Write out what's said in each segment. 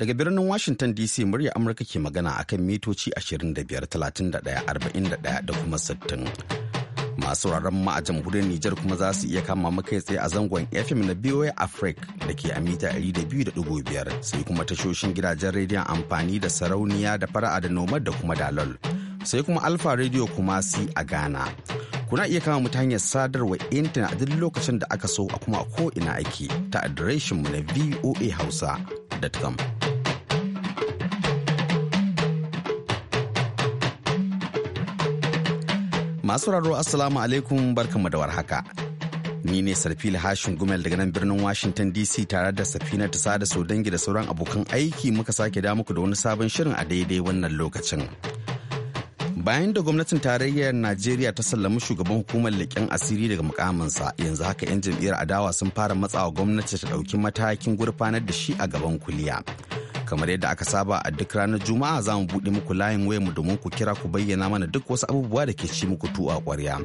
Daga birnin Washington DC murya Amurka ke magana a kan mitoci 25-31-41 da kuma 60. Masu wuraren ma a jamhuriyar Nijar kuma za su iya kama makai tsaye a zangon FM na BOA Africa da ke a mita 200.5 sai kuma tashoshin gidajen rediyon amfani da sarauniya da fara'a da nomad da kuma dalol. Sai kuma Alfa Radio kuma si a Ghana. kuna iya kama mu ta hanyar sadarwa intanet a duk lokacin da aka so a kuma a ina ake ta adireshinmu na voahausa.com. Masu raro Assalamu alaikum barkanmu da warhaka. Ni ne Sarfili Hashin Gumel daga nan birnin Washington DC tare da Safina ta sada so dangi da sauran abokan aiki muka sake da muku da wani sabon shirin a daidai wannan lokacin. Bayan da gwamnatin tarayyar Najeriya ta sallami shugaban hukumar leƙen asiri daga mukaminsa yanzu haka 'yan jam'iyyar adawa sun fara matsawa gwamnati ta ɗauki matakin gurfanar da shi a gaban kuliya. kamar yadda aka saba a duk ranar juma'a za mu buɗe muku layin mu domin ku kira ku bayyana mana duk wasu abubuwa da ke ci muku tuwa ƙwarya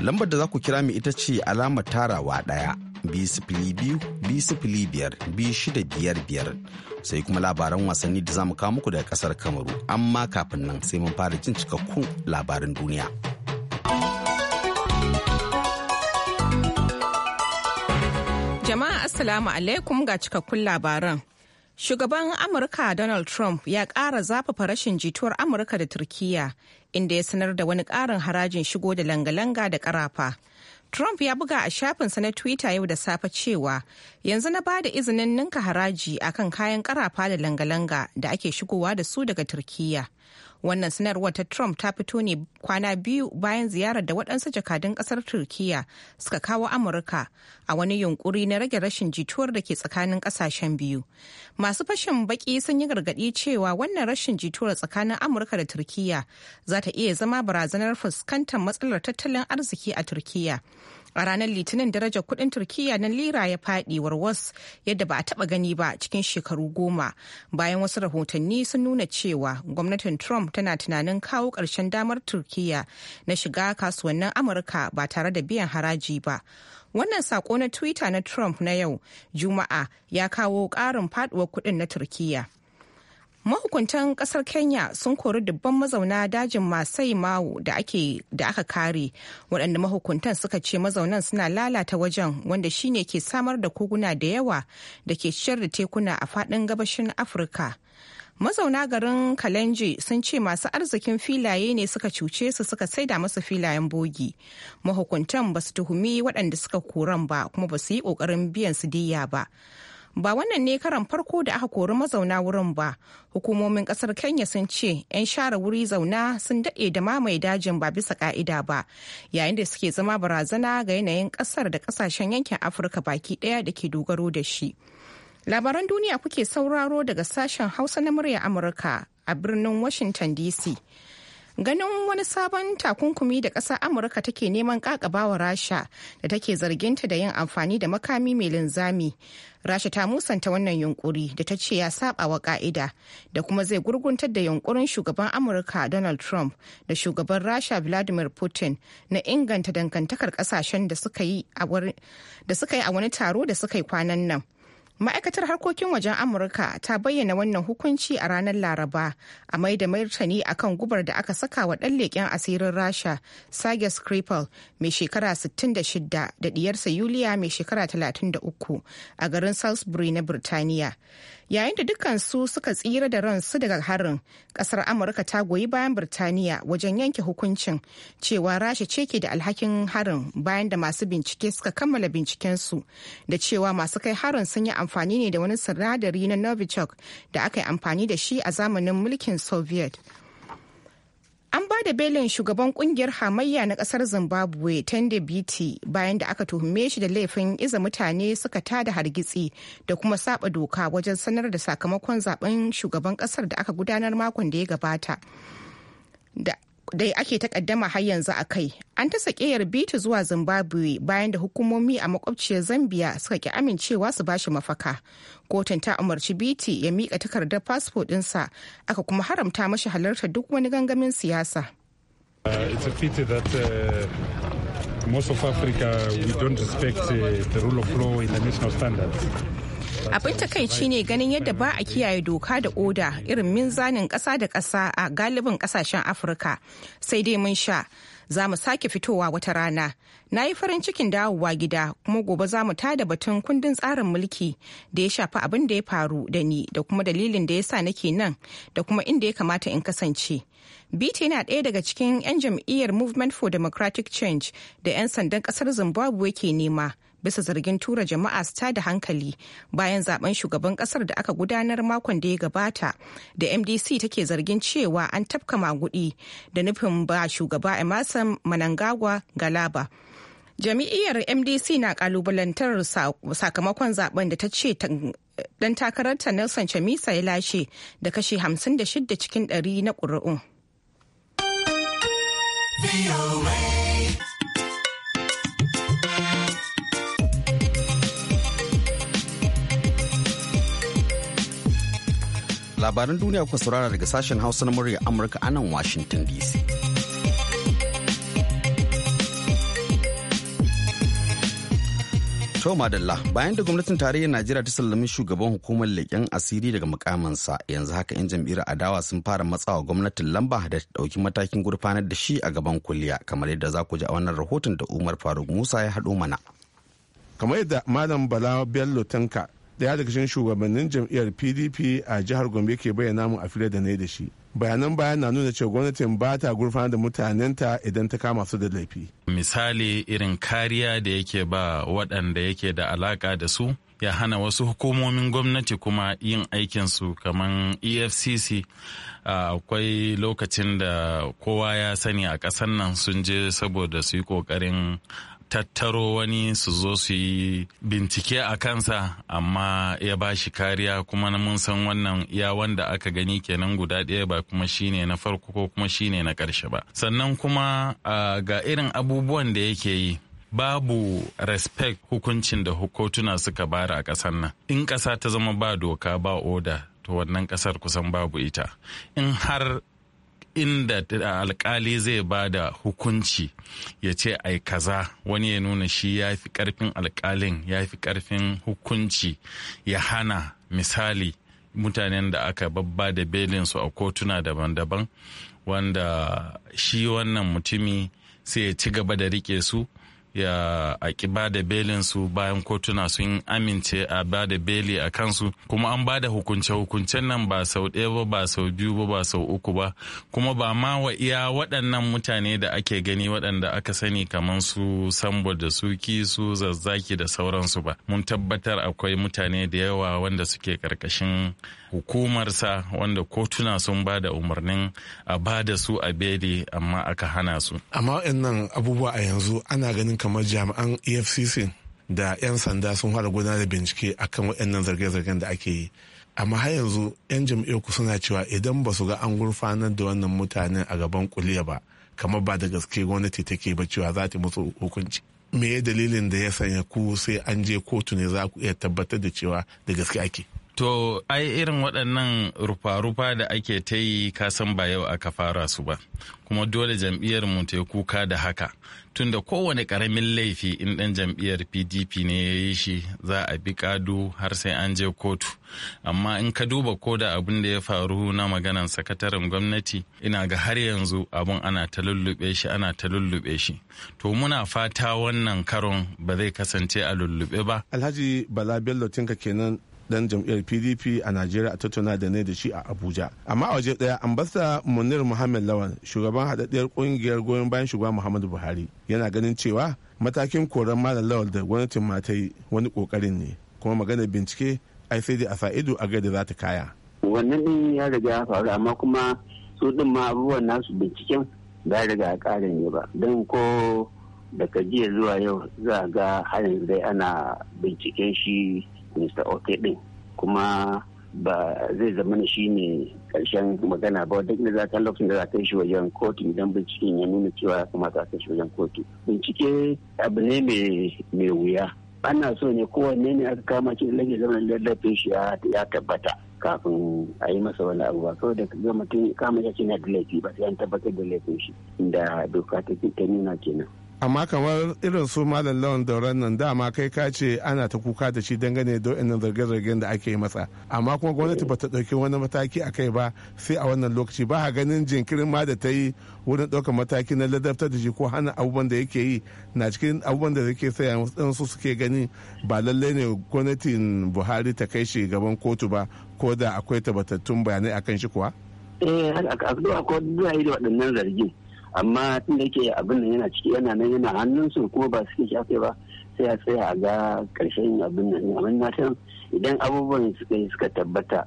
lambar da za ku kira mu ita ce alamar tarawa ɗaya biyu biyu biyar biyu shida biyar biyar sai kuma labaran wasanni da za mu kawo muku daga ƙasar kamaru amma kafin nan sai mun fara jin cikakkun labarin duniya. Jama'a Assalamu alaikum ga cikakkun labaran. Shugaban Amurka Donald Trump ya ƙara zafafa rashin jituwar Amurka da Turkiyya inda ya sanar da wani ƙarin harajin shigo da langa-langa da ƙarafa. Trump ya buga a shafinsa na Twitter yau da safe cewa yanzu na bada izinin ninka haraji akan kayan karafa da langa-langa da ake shigowa da su daga turkiya wannan sanarwar ta trump ta fito ne kwana biyu bayan ziyarar da waɗansu jakadun ƙasar turkiya suka kawo amurka a wani yunkuri na rage rashin jituwar da ke tsakanin ƙasashen biyu masu fashin baƙi sun yi gargaɗi cewa wannan rashin jituwar tsakanin amurka da turkiya za ta iya zama barazanar fuskantar matsalar tattalin arziki a turkiya a ranar litinin darajar kudin turkiya na lira ya fadi warwas yadda ba a taba gani ba cikin shekaru goma bayan wasu rahotanni sun nuna cewa gwamnatin trump tana tunanin kawo karshen damar turkiya na shiga kasuwannin amurka ba tare da biyan haraji ba wannan sako na twitter na trump na yau juma'a ya kawo karin faduwar kudin na turkiya mahukuntan kasar kenya sun kori dubban mazauna dajin masai mawu da aka kare waɗanda mahukuntan suka ce mazaunan suna lalata wajen wanda shine ke samar da koguna da yawa da ke ciyar da tekuna a faɗin gabashin afirka mazauna garin kalenji sun ce masu arzikin filaye ne suka cuce su suka saida masu filayen bogi mahukuntan ba su tuhumi waɗanda suka koran ba kuma ba su yi ƙoƙarin biyan su diya ba ba wannan ne karan farko da aka kori mazauna wurin ba hukumomin kasar kenya sun ce 'yan share wuri zauna sun daɗe da mamaye dajin ba bisa ka'ida ba yayin da suke zama barazana ga yanayin kasar da kasashen yankin afirka baki ɗaya da ke dogaro da shi labaran duniya kuke sauraro daga sashen hausa na murya amurka a birnin washington dc ganin wani sabon takunkumi da ƙasar amurka take neman ƙaƙabawa rasha da take zarginta da yin amfani da makami mai linzami rasha ta musanta wannan yunkuri da ta ce ya saba wa ka'ida da kuma zai gurguntar da yunkurin shugaban amurka donald trump da shugaban rasha vladimir putin na inganta dangantakar kasashen da suka yi a wani taro da suka yi kwanan nan ma'aikatar harkokin wajen amurka ta bayyana wannan hukunci a ranar laraba a mai da martani akan gubar da aka saka wa ɗan leƙen asirin rasha sage skripal mai shekara 66 da ɗiyarsa yuliya mai shekara 33 a garin salisbury na birtaniya yayin da dukansu suka tsira da ransu daga harin kasar amurka ta goyi bayan birtaniya wajen yanke hukuncin cewa rasha ce ke da alhakin harin bayan da masu bincike suka kammala bincikensu da cewa masu kai harin sun yi amfani ne da wani sinadari na novichok da aka yi amfani da shi a zamanin mulkin soviet An ba da belin shugaban kungiyar hamayya na kasar Zimbabwe Tende Biti bayan da aka tuhume shi da laifin iza mutane suka ta da hargitsi da kuma saba doka wajen sanar da sakamakon zaben shugaban kasar da aka gudanar makon da ya gabata. da ake takaddama har yanzu a kai An ta sake yarbita zuwa Zimbabwe bayan da hukumomi a makwabciyar Zambia suka ki amincewa su bashi mafaka. Kotun ta umarci Biti ya miƙa takardar fasfo ɗinsa aka kuma haramta mashi halartar duk wani gangamin siyasa. Uh, uh, uh, Abin takaici ne ganin yadda ba a kiyaye doka da oda irin minzanin ƙasa da ƙasa a galibin ƙasashen Afirka. Sai dai mun sha za mu sake fitowa wata rana na yi farin cikin dawowa gida kuma gobe za mu tada batun kundin tsarin mulki da ya shafi abin da ya faru da ni da kuma dalilin da ya sa nake nan da kuma inda ya kamata in kasance bt yana ɗaya daga cikin 'yan jam'iyyar movement for democratic change da 'yan sandan ƙasar zimbabwe ke nema bisa zargin tura jama'a su da hankali bayan zaben shugaban kasar da aka gudanar makon da ya gabata da mdc take zargin cewa an tafka magudi da nufin ba shugaba emerson manangagwa galaba jami'iyar mdc na kalubalantar sakamakon zaben da ta ce dan takararta nelson chamisa ya lashe da kashi 56 cikin 100 na ƙuri'un. labaran duniya kuka saurara daga sashen hausa na murya amurka a nan washington dc to madalla bayan da gwamnatin tarayyar najeriya ta sallami shugaban hukumar leƙen asiri daga mukamansa yanzu haka yan jam'iyyar adawa sun fara matsawa gwamnatin lamba da ta ɗauki matakin gurfanar da shi a gaban kuliya kamar yadda za ku ji a wannan rahoton da umar faruk musa ya haɗo mana kamar yadda malam bala bello tanka daya daga cikin shugabannin jam'iyyar pdp a jihar gombe ke bayyana mu a fili da ne da shi bayanan bayan na nuna cewa gwamnatin ba ta gurfana da mutanenta idan ta kama su da laifi misali irin kariya da yake ba waɗanda yake da alaka da su ya hana wasu hukumomin gwamnati kuma yin aikinsu kamar efcc akwai uh, lokacin da kowa ya sani a ƙasar nan sun je saboda su yi ƙoƙarin tattaro wani su zo su yi bincike a kansa amma ya ba shi kariya kuma na mun san wannan ya wanda aka gani kenan guda ɗaya ba kuma shine na farko ko kuma shine na ƙarshe ba sannan kuma ga irin abubuwan da yake yi babu respect hukuncin da hukotuna suka bara a ƙasar nan in ƙasa ta zama ba doka ba oda to wannan ƙasar kusan babu ita in har inda eh, alkali zai ba da hukunci ya ce ai kaza wani ya nuna shi ya fi karfin alkalin ya fi karfin hukunci ya hana misali mutanen da aka babba da belinsu a kotuna daban-daban wanda shi wannan mutumi sai ya ci gaba da rike su ya aki ba da belin su bayan kotuna sun amince a ba da beli a kansu kuma an ba da hukunce-hukuncen nan ba sau ɗaya ba ba sau biyu ba ba sau uku ba kuma ba ma wa iya waɗannan mutane da ake gani waɗanda aka sani kamar su sambo da suki su zazzaki da sauransu ba mun tabbatar akwai mutane da yawa wanda suke ƙarƙashin hukumarsa wanda kotuna sun ba da umarnin a ba da su a beli amma aka hana su amma abubuwa a yanzu ana ganin kamar jami'an efcc da 'yan sanda sun fara gudanar da bincike akan waɗannan zarge-zargen da ake yi amma har yanzu 'yan jam'iyyar suna cewa idan ba su ga an gurfanar da wannan mutanen a gaban kuliya ba kamar ba da gaske gwamnati take ba cewa za ta musu hukunci me ya dalilin da ya sanya ku sai an je kotu ne za ku iya tabbatar da cewa da gaske ake To, ai irin waɗannan rufa-rufa da ake ta yi kasan ba yau aka fara su ba, kuma dole jam'iyyar mu ta kuka da haka. tunda kowane karamin laifi in ɗan jam'iyyar pdp ne ya yi shi za a bi kadu har sai an je kotu amma in ka duba ko da abin da ya faru na maganan sakataren gwamnati ina ga har yanzu abun ana ta lullube shi ana ta lullube shi to muna fata wannan karon ba zai kasance a lullube ba alhaji bala bello tinka kenan dan jam'iyyar pdp a najeriya a tattauna da ne da shi a abuja amma a waje daya ambasa munir muhammad lawan shugaban haɗaɗɗiyar ƙungiyar goyon bayan shugaba muhammadu buhari yana ganin cewa matakin koran malam lawal da gwamnatin mata wani kokarin ne kuma maganar bincike ai sai dai a sa ido a ga da za ta kaya. wannan din ya riga ya faru amma kuma su din ma abubuwan nasu binciken ba riga a ƙara ne ba don ko daga jiya zuwa yau za a ga har yanzu dai ana binciken shi mr oke din kuma ba zai zama shi ne karshen magana ba duk da za lokacin da za ka shi wajen kotu idan binciken ya nuna cewa ya kamata ka shi wajen kotu bincike abu ne mai wuya ana so ne kowanne ne aka kama ce lage zaman lallafin shi ya tabbata kafin a yi masa wani abu ba da ga mutum kama ce na da laifi ba sai an tabbatar da laifin shi inda doka ta nuna kenan amma kamar irin su malam lawan dauran nan dama kai ka ce ana ta kuka da shi dangane da wannan zarge-zargen da ake masa amma kuma gwamnati eh. ba ta ɗauki wani mataki a kai ba sai a wannan lokaci ba a ganin jinkirin ma da ta yi wurin ɗaukar mataki na ladabtar da shi ko hana abubuwan da yake yi na cikin abubuwan da yake saya su suke gani ba lallai ne gwamnatin buhari ta kai shi gaban kotu ba ko da akwai tabbatattun bayanai akan shi kuwa. eh haka akwai da waɗannan zargin amma tun da yake abin nan yana ciki yana nan yana hannun su kuma ba suke shafe ba sai a tsaya a ga karshen abin nan amma na san idan abubuwan suka yi suka tabbata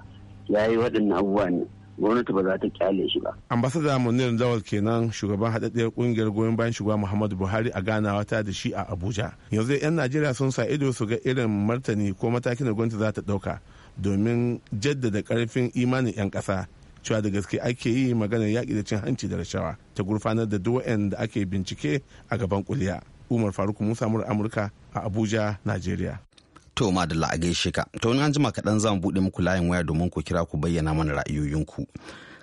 ya yi waɗannan abubuwa ne gwamnati ba za ta kyale shi ba. ambasada munir dawal kenan shugaban haɗaɗɗiyar ƙungiyar goyon bayan shugaba muhammadu buhari a gana wata da shi a abuja yanzu 'yan najeriya sun sa ido su ga irin martani ko matakin da gwamnati za ta ɗauka domin jaddada ƙarfin imanin 'yan ƙasa cewa da gaske ake yi magana yaƙi da cin hanci da rashawa ta gurfanar da duk da ake bincike a gaban kuliya umar faruk musa mura amurka a abuja nigeria to madalla a gaishe ka to an jima kaɗan zan buɗe muku layin waya domin ku kira ku bayyana mana ra'ayoyinku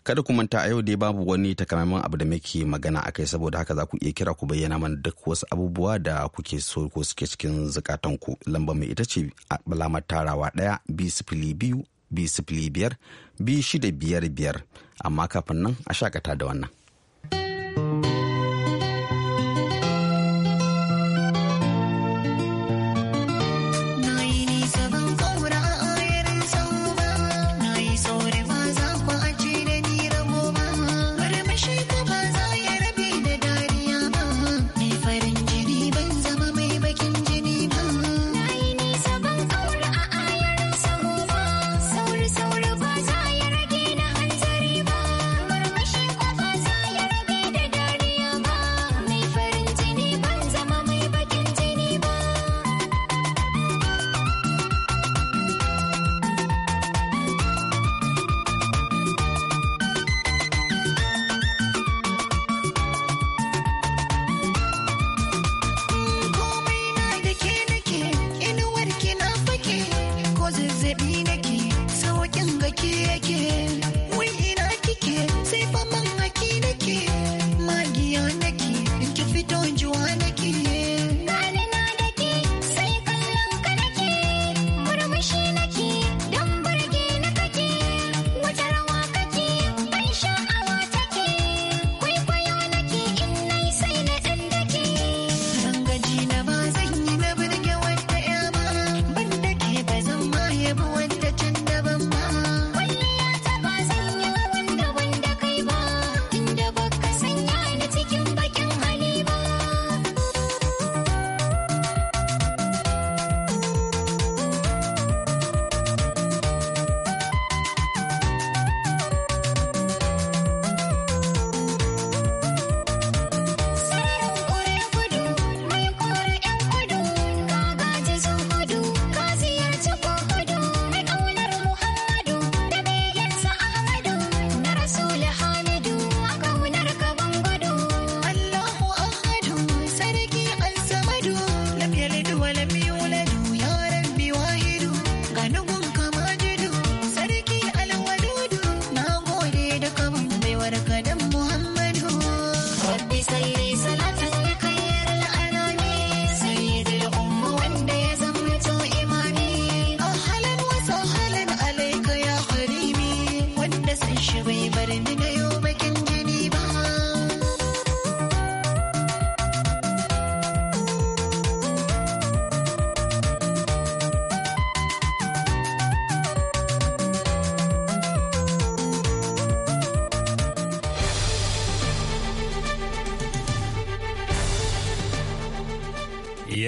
kada ku manta a yau dai babu wani takamaiman abu da muke magana a kai saboda haka za ku iya kira ku bayyana mana duk wasu abubuwa da kuke so ko suke cikin zukatanku lambar mai ita ce alamar tarawa ɗaya bi sifili biyu biyu sifili biyar biyu shida biyar biyar amma kafin nan a shakata da wannan.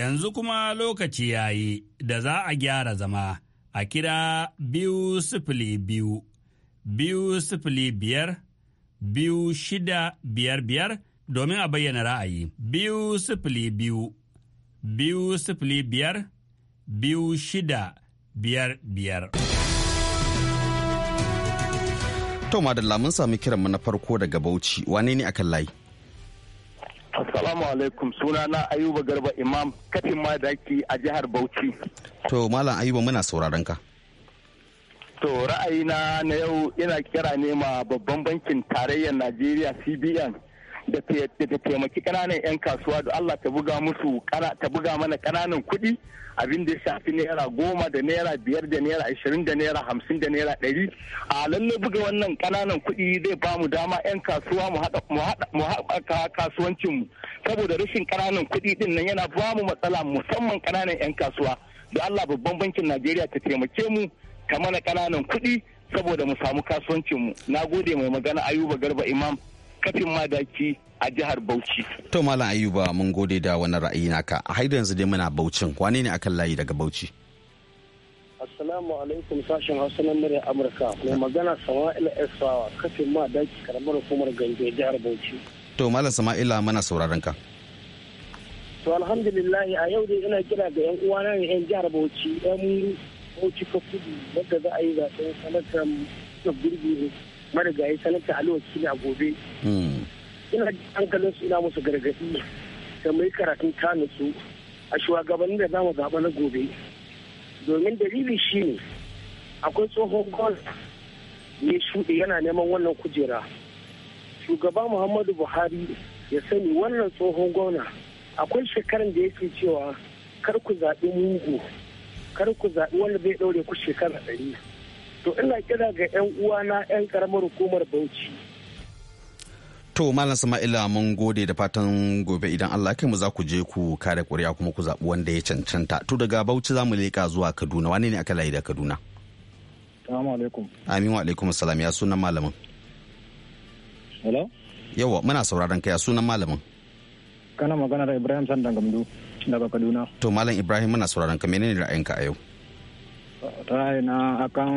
Yanzu kuma lokaci ya yi da za a gyara zama a kira biyu sifili biyu, biyu sifili biyar, biyu shida biyar biyar domin a bayyana ra'ayi. Biyu sifili biyu, biyu sifili biyar, biyu shida biyar biyar. To madalla mun sami kiranmu na farko daga Bauchi, wane ne akan layi? Assalamu alaikum suna na Ayuba Garba Imam kafin ma madaki a jihar Bauchi. To Malam Ayuba muna sauraron ka. To ra'ayina na yau ina kira ne ma babban bankin tarayyar Najeriya CBN da taimaki kananan 'yan kasuwa da Allah ta buga musu ta buga mana ƙananan kuɗi abin da ya shafi naira goma da naira biyar da naira ashirin da naira hamsin da naira ɗari a lalle buga wannan kananan kuɗi zai ba mu dama 'yan kasuwa mu kasuwancin mu saboda rashin ƙananan kuɗi ɗin nan yana ba mu matsala musamman ƙananan 'yan kasuwa da Allah babban bankin Najeriya ta taimake mu ta mana kananan kuɗi saboda mu samu kasuwancin mu na gode mai magana ayuba garba imam kafin madaki a jihar Bauchi. To Malam Ayuba mun gode da wani ra'ayi naka. A haidu yanzu dai muna Baucin. Wane ne akan layi daga Bauchi? Assalamu alaikum sashen Hausa na murya Amurka. Mai magana Sama'ila esawa kafin madaki karamar hukumar Gombe jihar Bauchi. To Malam Sama'ila muna sauraron ka. To alhamdulillah a yau dai ina kira ga 'yan uwana ne 'yan jihar Bauchi 'yan Bauchi ka kudu wanda za a yi zaɓen sanatar da gurbi marigayi sanata ali wakili a gobe hmm. ina hankalin su ina musu gargaɗi da mai karatun kanu su a shugabanni da za mu zaɓa na gobe domin dalili shine akwai tsohon gwamna ne shuɗe yana neman wannan kujera shugaba muhammadu buhari ya sani wannan tsohon gwamna akwai shekaran da ya yake cewa kar ku zaɓi mugu kar ku zaɓi wanda zai ɗaure ku shekara ɗari to ina kira ga 'yan uwana 'yan karamar hukumar bauchi to malam sama'ila mun gode da fatan gobe idan allah kai mu za ku je ku kare kuri'a kuma ku zaɓi wanda ya cancanta to daga bauchi za mu leƙa zuwa kaduna wane ne aka layi da kaduna salamu alaikum amin wa alaikum salam ya sunan malamin hello yawa muna sauraron ka ya sunan malamin kana magana da ibrahim San dangamdu daga kaduna to malam ibrahim muna sauraron ka menene ra'ayinka a yau ra'ayina akan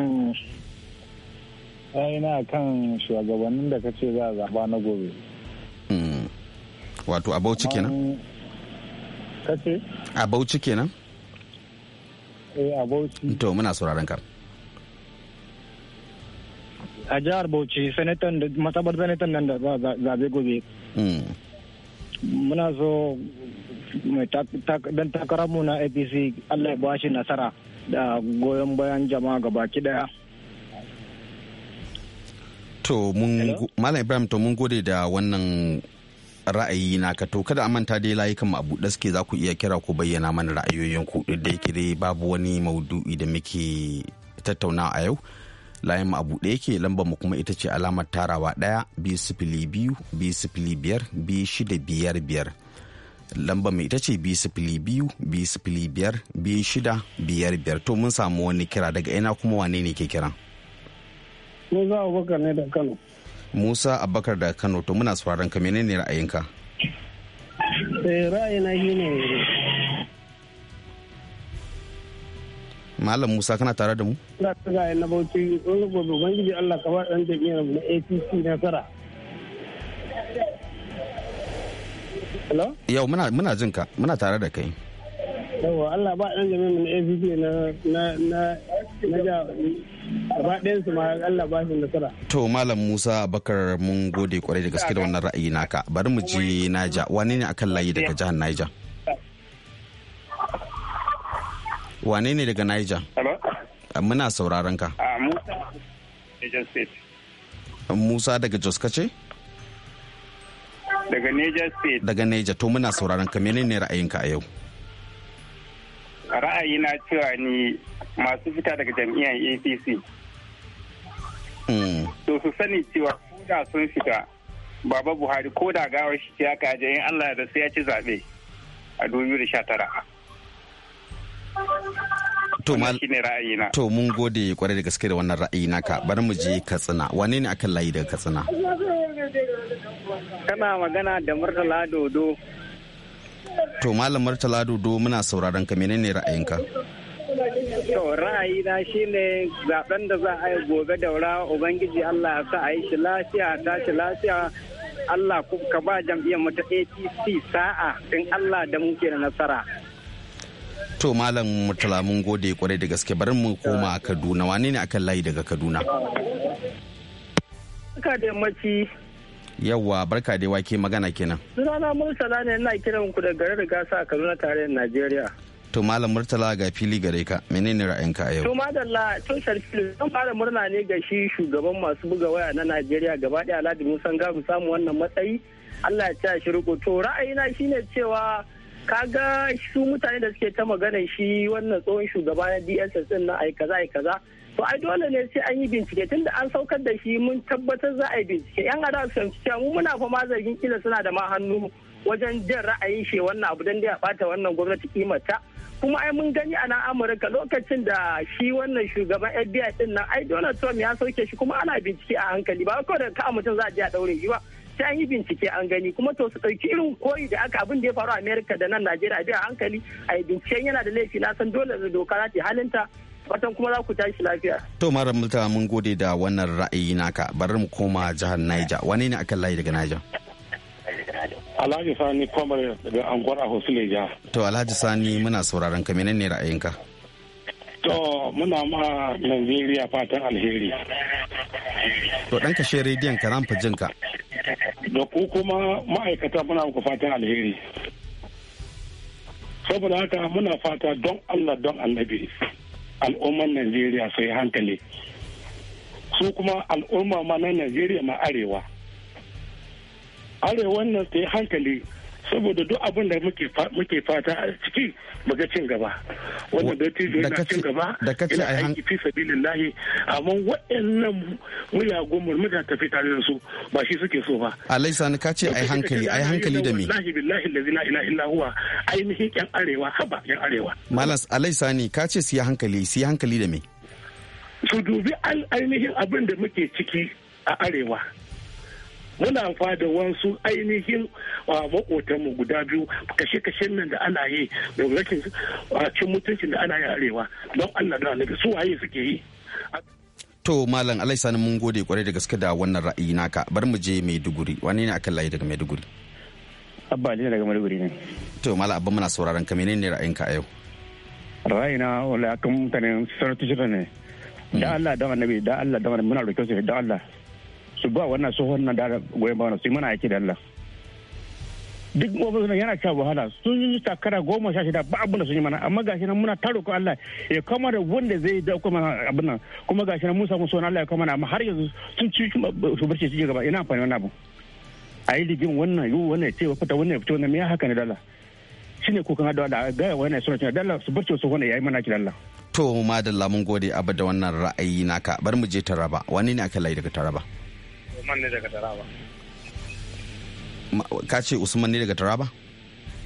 ra'ayina akan shugabannin da kace za a zaba na gobe hmm. wato a bauchi kenan kace a bauchi kenan eh a bauchi to muna sauraron ka a jihar bauchi sanatan da matsabar sanatan nan da zabe gobe hmm. muna so dan takararmu na apc allah ya bashi nasara da goyon bayan jama'a baki daya to malam ibrahim to mun gode da wannan ra'ayi na ka to kada manta dai layukan mu abu suke za ku iya kira ku bayyana mana ku duk da yake dai babu wani maudu'i da muke tattauna a yau layin mu abu ɗaya ke lambar mu kuma ita ce alamar tarawa ɗaya biyu sifili biyu biyu sifili biyar biyu shida biyar biyar lambar mai ita ce biyu sifili biyu biyu sifili biyar biyu shida biyar biyar to mun samu wani kira daga ina kuma wane ne ke kira. Musa Abubakar ne da Kano. Musa Abubakar da Kano to muna sauraron ka menene ra'ayinka? Eh ra'ayina ne. Malam Musa kana tare da mu? Ina ta ga na Bauchi wani gobe Ubangiji Allah ka ba ɗan jami'ar na APC nasara. Yau muna jin ka muna tare da kai. Yawwa Allah ba ɗan jami'in na APC na na na ba ɗan su ma Allah ba shi nasara. To Malam Musa Bakar mun gode kwarai da gaske da wannan ra'ayi naka. Bari mu ji Naija wane ne akan layi daga jihar Naija? Wane ne daga Naija? Muna sauraron ka. Ah, Musa daga Jos Musa daga Jos kace? ce? Daga Niger State. Daga Niger to muna sauraron ka menene ra'ayinka a yau? ra'ayi na cewa ni masu fita daga jam'iyyar APC. Hmm. To su sani cewa da sun fita Baba Buhari ko da gawar shi ce kaje in Allah da sai ya ci zaɓe a 2019. to mun gode kwarai da gaske da wannan ra'ayi naka bari mu je katsina wane ne akan layi daga katsina kana magana da murtala dodo to malam murtala dodo muna sauraron ka menene ra'ayinka to ra'ayi na shine zaben da za a yi gobe daura ubangiji Allah ya sa a yi shi lafiya tashi lafiya Allah ka ba jam'iyyar mu ta ATC sa'a in Allah da muke da nasara to malam murtala mun gode kwarai da gaske bari mu koma a kaduna wane ne akan layi daga kaduna barka da yammaci yawwa barka da wake magana kenan sunana murtala ne ina kiran ku da gare da gasa a kaduna tarayyar najeriya to malam murtala ga fili gare ka menene ra'ayinka a yau to madalla to sharfil zan fara murna ne ga shi shugaban masu buga waya na najeriya gaba daya aladu musan gabu samu wannan matsayi allah ya ta shi riko to ra'ayina shine cewa kaga su mutane da suke ta magana shi wannan tsohon shugaba na dss din na ai kaza ai kaza to ai dole ne sai an yi bincike tun da an saukar da shi mun tabbatar za a yi bincike yan adawa su fahimci cewa mu muna fama zargin kila suna da ma hannu wajen jin ra'ayin shi wannan abu dan da ya bata wannan gwamnati kimarta kuma ai mun gani a nan amurka lokacin da shi wannan shugaban fbi din nan ai donald trump ya sauke shi kuma ana bincike a hankali ba kawai da ka mutum za a je a daure shi ba sai yi bincike an gani kuma to su ɗauki irin koyi da aka abin da ya faru a america da nan najeriya biya hankali a yi binciken yana da laifi na san dole da doka za ta halinta fatan kuma za ku tashi lafiya. to mara multa mun gode da wannan ra'ayi naka bari mu koma jihar niger wani ne akan layi daga niger. alhaji sani kwamar daga anguwar a ja. to alhaji sani muna sauraron ka menene ra'ayinka. to muna ma najeriya fatan alheri. to ɗan kashe rediyon ka ramfa jinka. da ku kuma ma'aikata muna muku fatan alheri saboda haka muna fata don allah don annabi al'umman najeriya su yi hankali su kuma al'umma ma na najeriya ma arewa arewa nan su hankali saboda duk abin da muke fata a ciki muga cin gaba wannan ta yana cin gaba yana aiki fi lahi amma waɗannan muyagun murmuta tafi tare da su ba shi suke so ba alai sani ka ce ai hankali ai hankali da me wallahi billahi la ilaha illa huwa ainihin yan arewa haba yan arewa malas alai sani ka ce su yi hankali su yi hankali da mi su dubi ainihin abin da muke ciki a arewa muna amfani da wasu ainihin makotanmu guda biyu kashe-kashen nan da ana yi da rashin cin mutuncin da ana yi arewa don allah da alaƙa su waye suke yi to malam alaisani mun gode kwarai da gaske da wannan ra'ayi naka bar mu je maiduguri wani ne akan layi daga maiduguri abba ne daga maiduguri ne to malam abba muna sauraron ka menene ra'ayinka a yau ra'ayina wala akan mutanen sarautu ne da mm. Allah da annabi da Allah da muna roƙe su da Allah su ba wannan su nan da goyon ba su yi mana aiki da Allah duk na yana cewa wahala sun yi takara goma sha shida ba abin da sun yi mana amma gashi nan muna taro ko Allah ya kama da wanda zai da kuma abin nan kuma gashi nan mun samu sunan Allah ya kama na amma har yanzu sun ci su barci su gaba ina amfani wannan abu a yi ligin wannan yi wannan ya ce wa fita wannan ya fito wannan me ya haka ne dala ne kokan hadawa da gaya wannan suna cewa dala su barci su wannan yi mana ki dala to madalla mun gode abu da wannan ra'ayi naka bari mu je taraba wani ne aka layi daga taraba Usman ne daga Taraba. Ka ce Usman ne daga Taraba?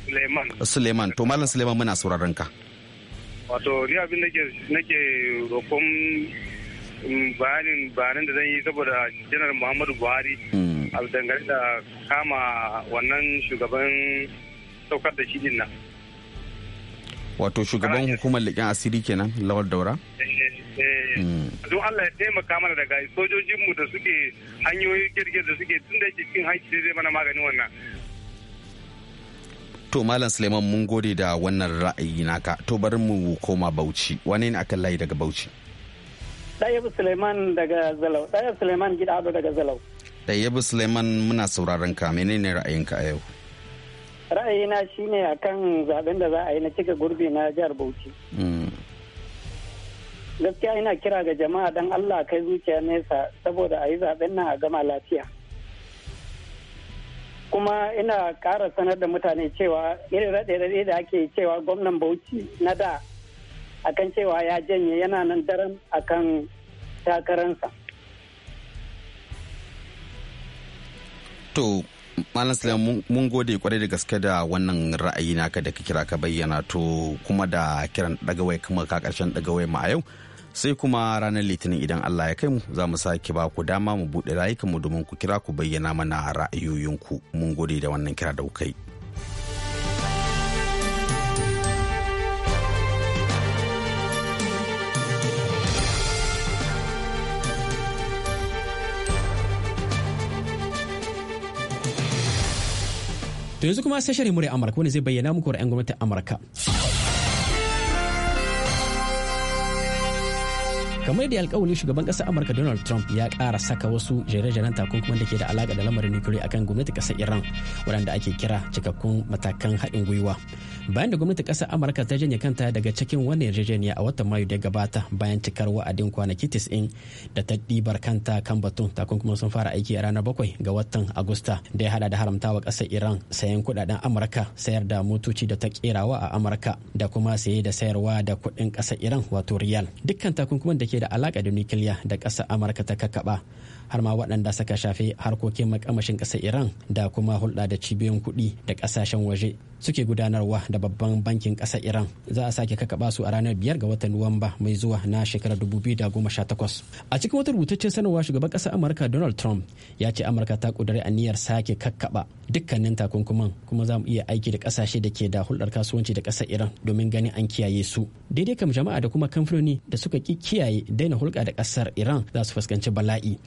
Suleiman. Suleiman, to Malam Suleiman muna sauraron ka. Wato, ni abin da nake roƙon mm, bayanin bayanin da zan yi saboda janar Muhammadu Buhari mm. a dangane da kama wannan shugaban saukar da shi nan. wato shugaban ah, hukumar leƙen asiri kenan lawar daura eh, eh, hmm. eh. don Allah ya taimaka mana daga sojojinmu da suke hanyoyi girgir da suke tun da cikin cin hanci zai mana magani wannan to malam suleiman mun gode da wannan ra'ayi naka to bari mu koma bauchi wane ne akan layi daga bauchi ɗayyabu suleiman daga zalau ɗayyabu suleiman gida daga zalau ɗayyabu suleiman muna sauraron ka menene ra'ayinka a yau ra'ayina shine akan zaben da za a yi na cika gurbi na jihar bauchi hmm. gaskiya ina kira ga jama'a dan allah kai zuciya nesa saboda a yi zaben nan a gama lafiya kuma ina kara sanar da mutane cewa irin raɗe-raɗe da ake cewa gwamnan bauchi na da akan cewa ya janye yana nan daren akan takararsa Malam Suleiman mun gode kwarai da gaske da wannan ra'ayi naka da ka kira ka bayyana to kuma da kiran dagawai kuma ka karshen dagawai ma a yau sai kuma ranar litinin idan Allah ya kai mu za mu sake ba ku dama mu buɗe rayukan mu domin ku kira ku bayyana mana ra'ayoyinku mun gode da wannan kira da kuka To yanzu kuma sai shirin mure Amurka wanda zai bayyana muku ra'ayin gwamnatin Amurka. kamar da alkawalin shugaban ƙasar amurka donald trump ya ƙara saka wasu jere-jeren takunkuman da ke da alaƙa da lamarin nukiliya akan gwamnati ƙasar iran waɗanda ake kira cikakkun matakan haɗin gwiwa bayan da gwamnati ƙasar amurka ta janye kanta daga cikin wannan yarjejeniya a watan mayu da gabata bayan cikar wa'adin kwanaki 90 da ta ɗibar kanta kan batun takunkuman sun fara aiki a ranar bakwai ga watan agusta da ya hada da haramtawa ƙasar iran sayan kuɗaɗen amurka sayar da motoci da ta kerawa a amurka da kuma saye da sayarwa da kuɗin ƙasar iran wato riyal dukkan takunkuman da ke ke da alaƙa da nukiliya da ƙasar amurka ta kakaba har ma waɗanda suka shafe harkokin makamashin ƙasar iran da kuma hulɗa da cibiyoyin kuɗi da ƙasashen waje suke gudanarwa da babban bankin ƙasar iran za a sake kakaba su a ranar biyar ga watan nuwamba mai zuwa na shekarar 2018 a cikin wata rubutaccen sanarwa shugaban ƙasar amurka donald trump ya ce amurka ta a niyyar sake kakkaɓa dukkanin takunkuman kuma za mu iya aiki da ƙasashe da ke da hulɗar kasuwanci da ƙasar iran domin ganin an kiyaye su daidai kam jama'a da kuma kamfanoni da suka ki kiyaye daina hulɗa da ƙasar iran za su fuskanci bala'i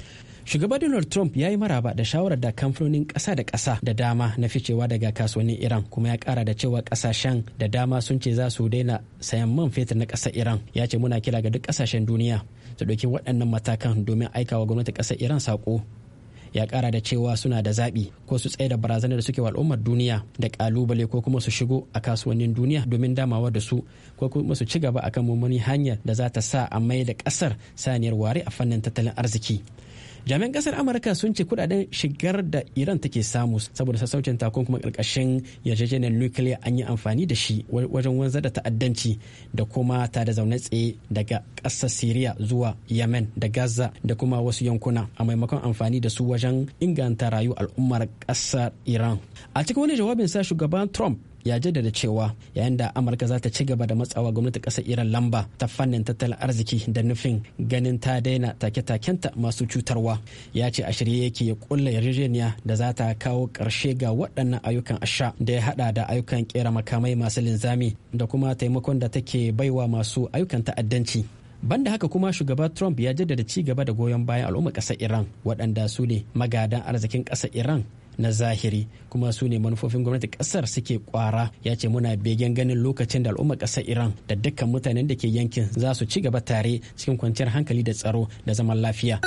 Shugaba Donald Trump ya yi maraba da shawarar da kamfanonin ƙasa da kasa da dama na ficewa daga kasuwannin Iran kuma ya kara da cewa kasashen da dama sun ce za su daina sayan man fetur na ƙasar Iran. Ya ce muna kira ga duk kasashen duniya su ɗauki waɗannan matakan domin aikawa gwamnati ƙasar Iran saƙo. ya kara da cewa suna da zaɓi ko su tsaye da barazanar da suke al'ummar duniya da kalubale ko kuma su shigo a kasuwannin duniya domin damawa da su ko kuma su ci gaba akan mummuni hanyar da za ta sa a mai da ƙasar saniyar ware a fannin tattalin arziki jami'an kasar amurka sun ce kudaden shigar da iran take samu saboda sassaucin kuma karkashin yarjejeniyar nuclear an yi amfani da shi wajen wanzar da ta'addanci da kuma ta da zaune tsaye daga ƙasar syria zuwa yemen da gaza da kuma wasu yankuna a maimakon amfani da su wajen inganta rayuwar al'ummar ƙasar iran a cikin wani jawabin sa shugaban trump ya jaddada cewa yayin da amurka za ta ci gaba da matsawa gwamnati ƙasar iran lamba ta fannin tattalin arziki da nufin ganin ta daina take-takenta masu cutarwa ya ce a shirye yake ya kulla yarjejeniya da za ta kawo ƙarshe ga waɗannan ayyukan asha da ya haɗa da ayyukan ƙera makamai masu linzami da kuma taimakon da take baiwa masu ayyukan ta'addanci banda haka kuma shugaba trump ya jaddada ci gaba da goyon bayan al'ummar ƙasar iran waɗanda su ne magadan arzikin ƙasar iran na zahiri kuma su ne manufofin gwamnati kasar suke kwara ya ce muna begen ganin lokacin da al'ummar kasar iran da dukkan mutanen da ke yankin za su ci gaba tare cikin kwanciyar hankali da tsaro da zaman lafiya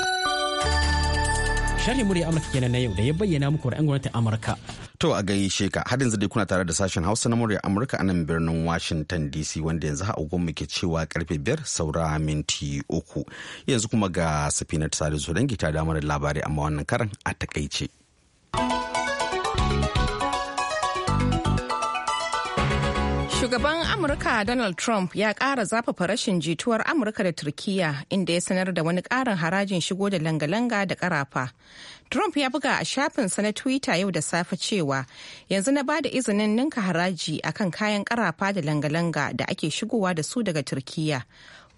sharhi murya amurka kenan na yau da ya bayyana muku ra'ayin gwamnatin amurka to a gaishe ka hadin zai kuna tare da sashen hausa na murya amurka a nan birnin washington dc wanda yanzu ha agon muke cewa karfe biyar saura minti uku yanzu kuma ga safinar salisu zuwa dangi ta damar labarai amma wannan karan a takaice Shugaban Amurka Donald Trump ya ƙara zafafa rashin jituwar Amurka da Turkiyya inda ya sanar da wani ƙarin harajin shigo da langa-langa da ƙarafa. Trump ya buga a shafinsa na Twitter yau da safe cewa yanzu na bada izinin ninka haraji akan kayan ƙarafa da langa-langa da ake shigowa da su daga Turkiyya.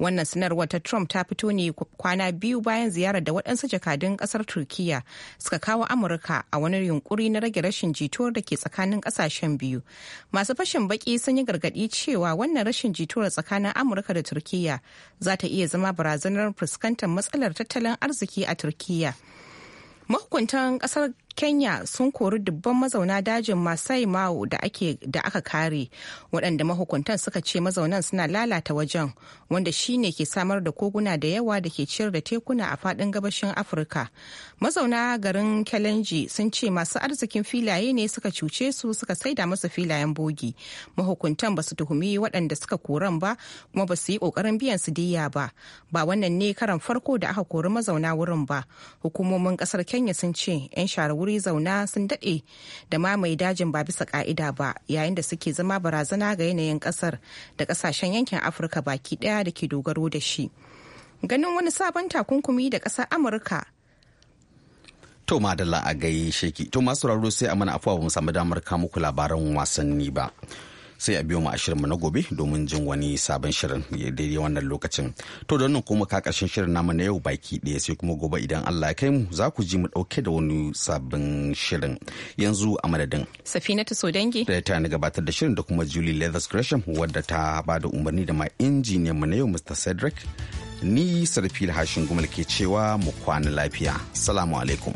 Wannan sanarwar ta Trump ta fito ne kwana biyu bayan ziyarar da waɗansu jakadun ƙasar Turkiyya suka kawo Amurka a wani yunkuri na rage rashin jituwar da ke tsakanin ƙasashen biyu. Masu fashin baki sun yi gargaɗi cewa wannan rashin jituwar tsakanin Amurka da Turkiyya za ta iya zama barazanar fuskantar matsalar tattalin arziki a Turkiyya. mahukuntan kasar kenya sun kori dubban mazauna dajin masai mao da aka kare waɗanda mahukuntan suka ce mazaunan suna lalata wajen wanda shine ke samar da koguna da yawa da ke ciyar da tekuna a faɗin gabashin afirka mazauna garin kelenji sun ce masu arzikin filaye ne suka cuce su suka saida masu filayen bogi mahukuntan ba su tuhumi waɗanda suka koran ba kuma ba su yi ƙoƙarin biyan su diya ba ba wannan ne karan farko da aka kori mazauna wurin ba hukumomin ƙasar kenya sun ce 'yan shara wuri wuri zauna sun daɗe da mamaye dajin ba bisa ka'ida ba yayin da suke zama barazana ga yanayin ƙasar da ƙasashen yankin afirka baki ɗaya da ke dogaro da shi ganin wani sabon takunkumi da ƙasar amurka to madalla a gaye sheki to masu sauraro sai a mana afuwa ba mu samu damar kamuku labaran wasanni ba sai a biyo mu ashirinmu na gobe domin jin wani sabon shirin daidai wannan lokacin to don nan kuma ka karshen shirin namu na yau baki ɗaya sai kuma gobe idan Allah ya kai mu za ku ji mu ɗauke da wani sabon shirin yanzu a madadin ta sodangi da ta ni gabatar da shirin da kuma Julie Leathers Gresham wadda ta ba da umarni da ma injiniyan mu na yau Mr Cedric ni sarfil hashin gumal ke cewa mu kwana lafiya salamu alaikum